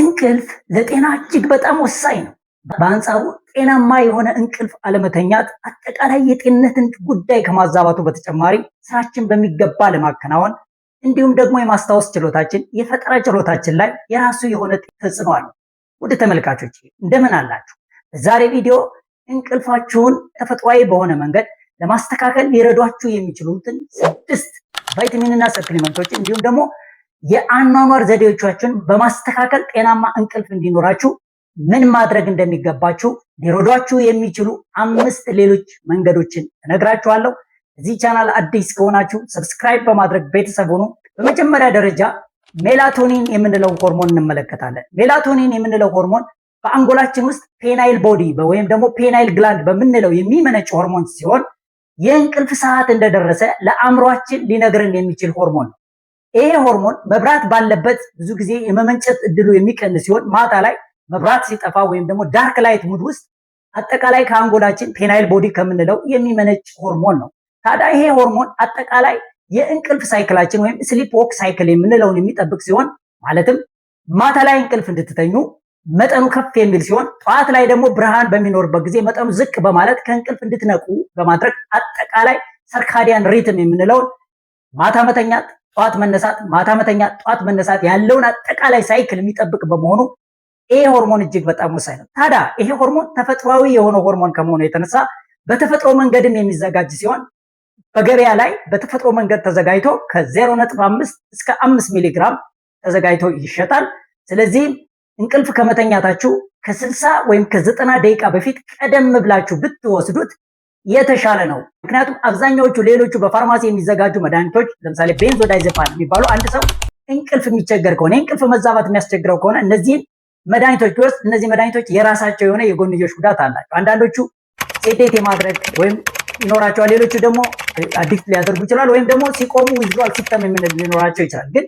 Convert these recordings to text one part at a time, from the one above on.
እንቅልፍ ለጤና እጅግ በጣም ወሳኝ ነው። በአንጻሩ ጤናማ የሆነ እንቅልፍ አለመተኛት አጠቃላይ የጤንነትን ጉዳይ ከማዛባቱ በተጨማሪ ስራችን በሚገባ ለማከናወን እንዲሁም ደግሞ የማስታወስ ችሎታችን፣ የፈጠራ ችሎታችን ላይ የራሱ የሆነ ተጽዕኖ አለው። ወደ ተመልካቾች እንደምን አላችሁ? በዛሬ ቪዲዮ እንቅልፋችሁን ተፈጥሯዊ በሆነ መንገድ ለማስተካከል ሊረዷችሁ የሚችሉትን ስድስት ቫይታሚንና ሰፕሊመንቶች እንዲሁም ደግሞ የአኗኗር ዘዴዎቻችን በማስተካከል ጤናማ እንቅልፍ እንዲኖራችሁ ምን ማድረግ እንደሚገባችሁ ሊረዷችሁ የሚችሉ አምስት ሌሎች መንገዶችን እነግራችኋለሁ። እዚህ ቻናል አዲስ ከሆናችሁ ሰብስክራይብ በማድረግ ቤተሰብ ሆኑ። በመጀመሪያ ደረጃ ሜላቶኒን የምንለው ሆርሞን እንመለከታለን። ሜላቶኒን የምንለው ሆርሞን በአንጎላችን ውስጥ ፔናይል ቦዲ ወይም ደግሞ ፔናይል ግላንድ በምንለው የሚመነጭ ሆርሞን ሲሆን የእንቅልፍ ሰዓት እንደደረሰ ለአእምሯችን ሊነግርን የሚችል ሆርሞን ነው። ይሄ ሆርሞን መብራት ባለበት ብዙ ጊዜ የመመንጨት እድሉ የሚቀንስ ሲሆን ማታ ላይ መብራት ሲጠፋ ወይም ደግሞ ዳርክ ላይት ሙድ ውስጥ አጠቃላይ ከአንጎላችን ፔናይል ቦዲ ከምንለው የሚመነጭ ሆርሞን ነው። ታዲያ ይሄ ሆርሞን አጠቃላይ የእንቅልፍ ሳይክላችን ወይም ስሊፕ ዎክ ሳይክል የምንለውን የሚጠብቅ ሲሆን ማለትም ማታ ላይ እንቅልፍ እንድትተኙ መጠኑ ከፍ የሚል ሲሆን ጠዋት ላይ ደግሞ ብርሃን በሚኖርበት ጊዜ መጠኑ ዝቅ በማለት ከእንቅልፍ እንድትነቁ በማድረግ አጠቃላይ ሰርካዲያን ሪትም የምንለውን ማታ መተኛት ጠዋት መነሳት፣ ማታ መተኛ ጠዋት መነሳት ያለውን አጠቃላይ ሳይክል የሚጠብቅ በመሆኑ ይሄ ሆርሞን እጅግ በጣም ወሳኝ ነው። ታዲያ ይሄ ሆርሞን ተፈጥሯዊ የሆነ ሆርሞን ከመሆኑ የተነሳ በተፈጥሮ መንገድም የሚዘጋጅ ሲሆን በገበያ ላይ በተፈጥሮ መንገድ ተዘጋጅቶ ከ 05 እስከ 5 ሚሊግራም ተዘጋጅቶ ይሸጣል። ስለዚህም እንቅልፍ ከመተኛታችሁ ከ ከ60 ወይም ከ90 ደቂቃ በፊት ቀደም ብላችሁ ብትወስዱት የተሻለ ነው። ምክንያቱም አብዛኛዎቹ ሌሎቹ በፋርማሲ የሚዘጋጁ መድኃኒቶች ለምሳሌ ቤንዞዳይዘፓን የሚባሉ አንድ ሰው እንቅልፍ የሚቸገር ከሆነ እንቅልፍ መዛባት የሚያስቸግረው ከሆነ እነዚህን መድኃኒቶች ውስጥ እነዚህ መድኃኒቶች የራሳቸው የሆነ የጎንዮሽ ጉዳት አላቸው። አንዳንዶቹ ሴዴት የማድረግ ወይም ይኖራቸዋል። ሌሎቹ ደግሞ አዲክት ሊያደርጉ ይችላል። ወይም ደግሞ ሲቆሙ ዊዝዋል ሲስተም የምንል ሊኖራቸው ይችላል። ግን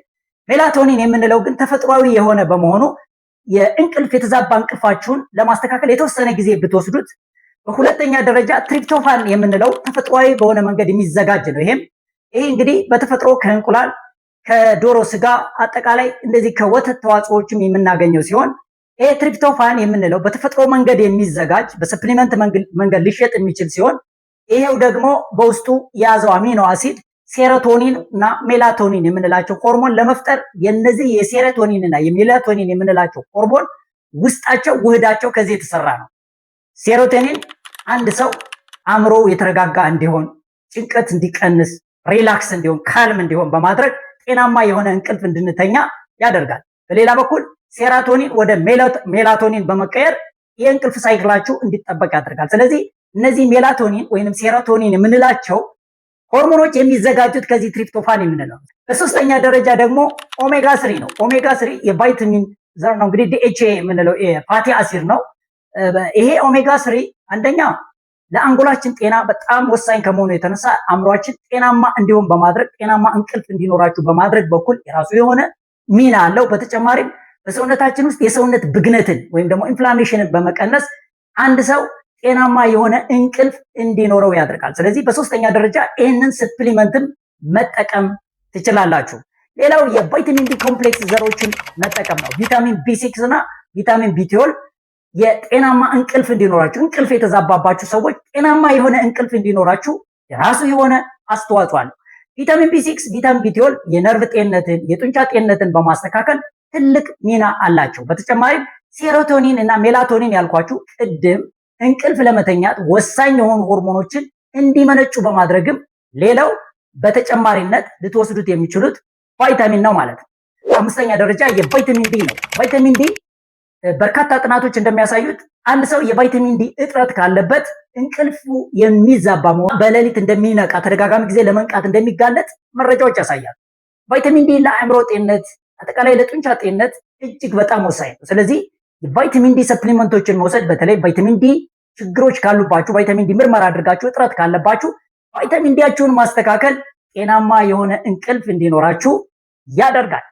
ሜላቶኒን የምንለው ግን ተፈጥሯዊ የሆነ በመሆኑ የእንቅልፍ የተዛባ እንቅልፋችሁን ለማስተካከል የተወሰነ ጊዜ ብትወስዱት በሁለተኛ ደረጃ ትሪፕቶፋን የምንለው ተፈጥሯዊ በሆነ መንገድ የሚዘጋጅ ነው። ይሄም ይሄ እንግዲህ በተፈጥሮ ከእንቁላል፣ ከዶሮ ስጋ፣ አጠቃላይ እንደዚህ ከወተት ተዋጽኦዎችም የምናገኘው ሲሆን ይሄ ትሪፕቶፋን የምንለው በተፈጥሮ መንገድ የሚዘጋጅ በሰፕሊመንት መንገድ ሊሸጥ የሚችል ሲሆን ይሄው ደግሞ በውስጡ የያዘው አሚኖ አሲድ ሴሮቶኒን እና ሜላቶኒን የምንላቸው ሆርሞን ለመፍጠር የነዚህ የሴሮቶኒን እና የሜላቶኒን የምንላቸው ሆርሞን ውስጣቸው ውህዳቸው ከዚህ የተሰራ ነው። ሴሮቶኒን አንድ ሰው አእምሮ የተረጋጋ እንዲሆን፣ ጭንቀት እንዲቀንስ፣ ሪላክስ እንዲሆን፣ ካልም እንዲሆን በማድረግ ጤናማ የሆነ እንቅልፍ እንድንተኛ ያደርጋል። በሌላ በኩል ሴራቶኒን ወደ ሜላቶኒን በመቀየር የእንቅልፍ ሳይክላችሁ እንዲጠበቅ ያደርጋል። ስለዚህ እነዚህ ሜላቶኒን ወይም ሴራቶኒን የምንላቸው ሆርሞኖች የሚዘጋጁት ከዚህ ትሪፕቶፋን የምንለው። በሶስተኛ ደረጃ ደግሞ ኦሜጋ ስሪ ነው። ኦሜጋ ስሪ የቫይታሚን ዘር ነው። እንግዲህ ዲኤችኤ የምንለው ፋቲ አሲድ ነው። ይሄ ኦሜጋ ስሪ አንደኛ ለአንጎላችን ጤና በጣም ወሳኝ ከመሆኑ የተነሳ አእምሯችን ጤናማ እንዲሆን በማድረግ ጤናማ እንቅልፍ እንዲኖራችሁ በማድረግ በኩል የራሱ የሆነ ሚና አለው። በተጨማሪም በሰውነታችን ውስጥ የሰውነት ብግነትን ወይም ደግሞ ኢንፍላሜሽንን በመቀነስ አንድ ሰው ጤናማ የሆነ እንቅልፍ እንዲኖረው ያደርጋል። ስለዚህ በሶስተኛ ደረጃ ይህንን ስፕሊመንትም መጠቀም ትችላላችሁ። ሌላው የቫይታሚን ቢ ኮምፕሌክስ ዘሮችን መጠቀም ነው። ቪታሚን ቢ ሲክስ እና ቪታሚን ቢ ትዌልቭ የጤናማ እንቅልፍ እንዲኖራችሁ እንቅልፍ የተዛባባችሁ ሰዎች ጤናማ የሆነ እንቅልፍ እንዲኖራችሁ የራሱ የሆነ አስተዋጽኦ አለው። ቪታሚን ቢ6፣ ቪታሚን ቢቲዮል የነርቭ ጤንነትን፣ የጡንቻ ጤንነትን በማስተካከል ትልቅ ሚና አላቸው። በተጨማሪም ሴሮቶኒን እና ሜላቶኒን ያልኳችሁ ቅድም እንቅልፍ ለመተኛት ወሳኝ የሆኑ ሆርሞኖችን እንዲመነጩ በማድረግም ሌላው በተጨማሪነት ልትወስዱት የሚችሉት ቫይታሚን ነው ማለት ነው። አምስተኛ ደረጃ የቫይታሚን ዲ ነው። ቫይታሚን ዲ በርካታ ጥናቶች እንደሚያሳዩት አንድ ሰው የቫይታሚን ዲ እጥረት ካለበት እንቅልፉ የሚዛባ መሆን፣ በሌሊት እንደሚነቃ፣ ተደጋጋሚ ጊዜ ለመንቃት እንደሚጋለጥ መረጃዎች ያሳያሉ። ቫይታሚን ዲ ለአእምሮ ጤንነት፣ አጠቃላይ ለጡንቻ ጤንነት እጅግ በጣም ወሳኝ ነው። ስለዚህ የቫይታሚን ዲ ሰፕሊመንቶችን መውሰድ በተለይ ቫይታሚን ዲ ችግሮች ካሉባችሁ፣ ቫይታሚን ዲ ምርመራ አድርጋችሁ እጥረት ካለባችሁ ቫይታሚን ዲያችሁን ማስተካከል ጤናማ የሆነ እንቅልፍ እንዲኖራችሁ ያደርጋል።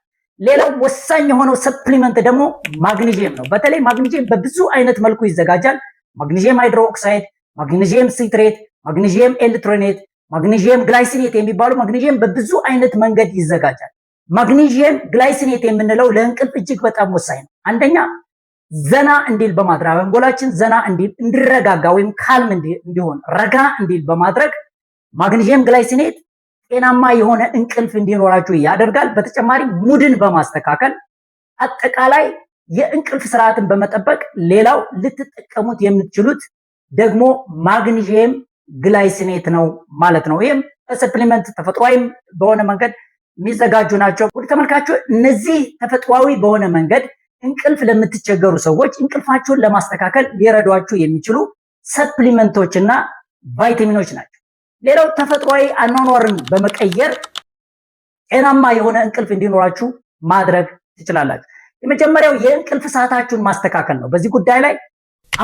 ሌላው ወሳኝ የሆነው ሰፕሊመንት ደግሞ ማግኒዥየም ነው። በተለይ ማግኒዥየም በብዙ አይነት መልኩ ይዘጋጃል። ማግኒዥየም ሃይድሮኦክሳይድ፣ ማግኒዥየም ሲትሬት፣ ማግኒዥየም ኤልትሮኔት፣ ማግኒዥየም ግላይሲኔት የሚባሉ ማግኒዥየም በብዙ አይነት መንገድ ይዘጋጃል። ማግኒዥየም ግላይሲኔት የምንለው ለእንቅልፍ እጅግ በጣም ወሳኝ ነው። አንደኛ ዘና እንዲል በማድረግ አንጎላችን ዘና እንዲል እንዲረጋጋ ወይም ካልም እንዲሆን ረጋ እንዲል በማድረግ ማግኒዥየም ግላይሲኔት ጤናማ የሆነ እንቅልፍ እንዲኖራችሁ ያደርጋል። በተጨማሪ ሙድን በማስተካከል አጠቃላይ የእንቅልፍ ስርዓትን በመጠበቅ ሌላው ልትጠቀሙት የምትችሉት ደግሞ ማግኒዥየም ግላይሲኔት ነው ማለት ነው። ይህም በሰፕሊመንት ተፈጥሯዊም በሆነ መንገድ የሚዘጋጁ ናቸው። ውድ ተመልካችሁ እነዚህ ተፈጥሯዊ በሆነ መንገድ እንቅልፍ ለምትቸገሩ ሰዎች እንቅልፋችሁን ለማስተካከል ሊረዷችሁ የሚችሉ ሰፕሊመንቶች እና ቫይታሚኖች ናቸው። ሌላው ተፈጥሯዊ አኗኗርን በመቀየር ጤናማ የሆነ እንቅልፍ እንዲኖራችሁ ማድረግ ትችላላችሁ። የመጀመሪያው የእንቅልፍ ሰዓታችሁን ማስተካከል ነው። በዚህ ጉዳይ ላይ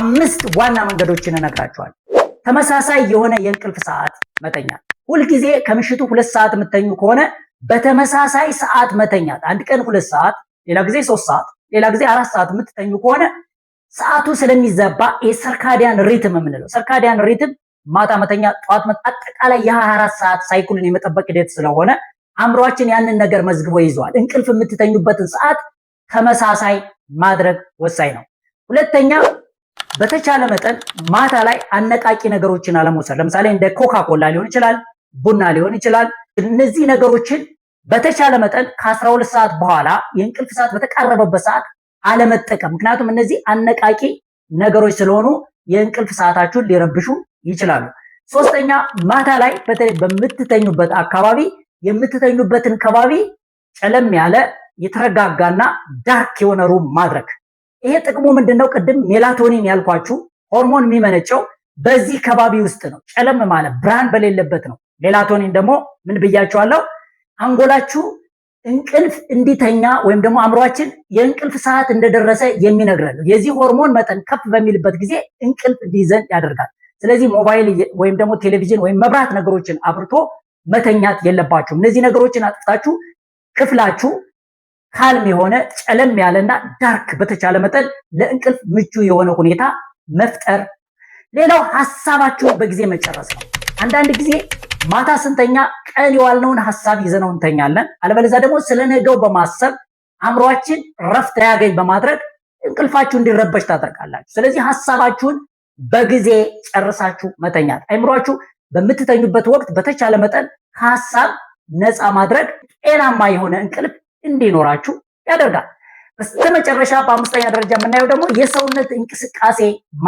አምስት ዋና መንገዶችን እነግራችኋል። ተመሳሳይ የሆነ የእንቅልፍ ሰዓት መተኛት። ሁልጊዜ ከምሽቱ ሁለት ሰዓት የምተኙ ከሆነ በተመሳሳይ ሰዓት መተኛት። አንድ ቀን ሁለት ሰዓት፣ ሌላ ጊዜ ሶስት ሰዓት፣ ሌላ ጊዜ አራት ሰዓት የምትተኙ ከሆነ ሰዓቱ ስለሚዘባ የሰርካዲያን ሪትም የምንለው ሰርካዲያን ሪትም ማታ መተኛ፣ ጠዋት አጠቃላይ የ24 ሰዓት ሳይክሉን የመጠበቅ ሂደት ስለሆነ አእምሯችን ያንን ነገር መዝግቦ ይዘዋል። እንቅልፍ የምትተኙበትን ሰዓት ተመሳሳይ ማድረግ ወሳኝ ነው። ሁለተኛ በተቻለ መጠን ማታ ላይ አነቃቂ ነገሮችን አለመውሰድ። ለምሳሌ እንደ ኮካ ኮላ ሊሆን ይችላል፣ ቡና ሊሆን ይችላል። እነዚህ ነገሮችን በተቻለ መጠን ከ12 ሰዓት በኋላ የእንቅልፍ ሰዓት በተቃረበበት ሰዓት አለመጠቀም። ምክንያቱም እነዚህ አነቃቂ ነገሮች ስለሆኑ የእንቅልፍ ሰዓታችሁን ሊረብሹ ይችላሉ። ሶስተኛ ማታ ላይ በተለይ በምትተኙበት አካባቢ የምትተኙበትን ከባቢ ጨለም ያለ የተረጋጋና ዳርክ የሆነ ሩም ማድረግ። ይሄ ጥቅሙ ምንድነው? ቅድም ሜላቶኒን ያልኳችሁ ሆርሞን የሚመነጨው በዚህ ከባቢ ውስጥ ነው። ጨለም ማለት ብርሃን በሌለበት ነው። ሜላቶኒን ደግሞ ምን ብያችኋለሁ? አንጎላችሁ እንቅልፍ እንዲተኛ ወይም ደግሞ አእምሯችን የእንቅልፍ ሰዓት እንደደረሰ የሚነግረን ነው። የዚህ ሆርሞን መጠን ከፍ በሚልበት ጊዜ እንቅልፍ እንዲይዘን ያደርጋል። ስለዚህ ሞባይል ወይም ደግሞ ቴሌቪዥን ወይም መብራት ነገሮችን አብርቶ መተኛት የለባችሁም። እነዚህ ነገሮችን አጥፍታችሁ ክፍላችሁ ካልም የሆነ ጨለም ያለና ዳርክ በተቻለ መጠን ለእንቅልፍ ምቹ የሆነ ሁኔታ መፍጠር። ሌላው ሀሳባችሁን በጊዜ መጨረስ ነው። አንዳንድ ጊዜ ማታ ስንተኛ ቀን የዋልነውን ሀሳብ ይዘነው እንተኛለን። አለበለዚያ ደግሞ ስለ ነገው በማሰብ አእምሯችን ረፍት ያገኝ በማድረግ እንቅልፋችሁ እንዲረበሽ ታደርጋላችሁ። ስለዚህ ሀሳባችሁን በጊዜ ጨርሳችሁ መተኛት። አይምሯችሁ በምትተኙበት ወቅት በተቻለ መጠን ከሀሳብ ነፃ ማድረግ ጤናማ የሆነ እንቅልፍ እንዲኖራችሁ ያደርጋል። በስተመጨረሻ በአምስተኛ ደረጃ የምናየው ደግሞ የሰውነት እንቅስቃሴ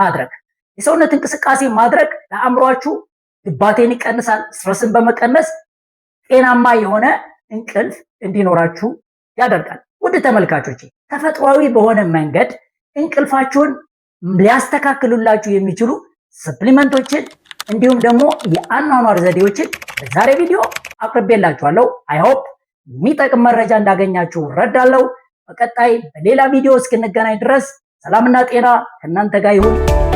ማድረግ። የሰውነት እንቅስቃሴ ማድረግ ለአእምሯችሁ ድባቴን ይቀንሳል። ስትረስን በመቀነስ ጤናማ የሆነ እንቅልፍ እንዲኖራችሁ ያደርጋል። ውድ ተመልካቾች ተፈጥሯዊ በሆነ መንገድ እንቅልፋችሁን ሊያስተካክሉላችሁ የሚችሉ ሰፕሊመንቶችን እንዲሁም ደግሞ የአኗኗር ዘዴዎችን በዛሬ ቪዲዮ አቅርቤላችኋለሁ። አይሆፕ የሚጠቅም መረጃ እንዳገኛችሁ እረዳለሁ። በቀጣይ በሌላ ቪዲዮ እስክንገናኝ ድረስ ሰላምና ጤና ከእናንተ ጋር ይሁን።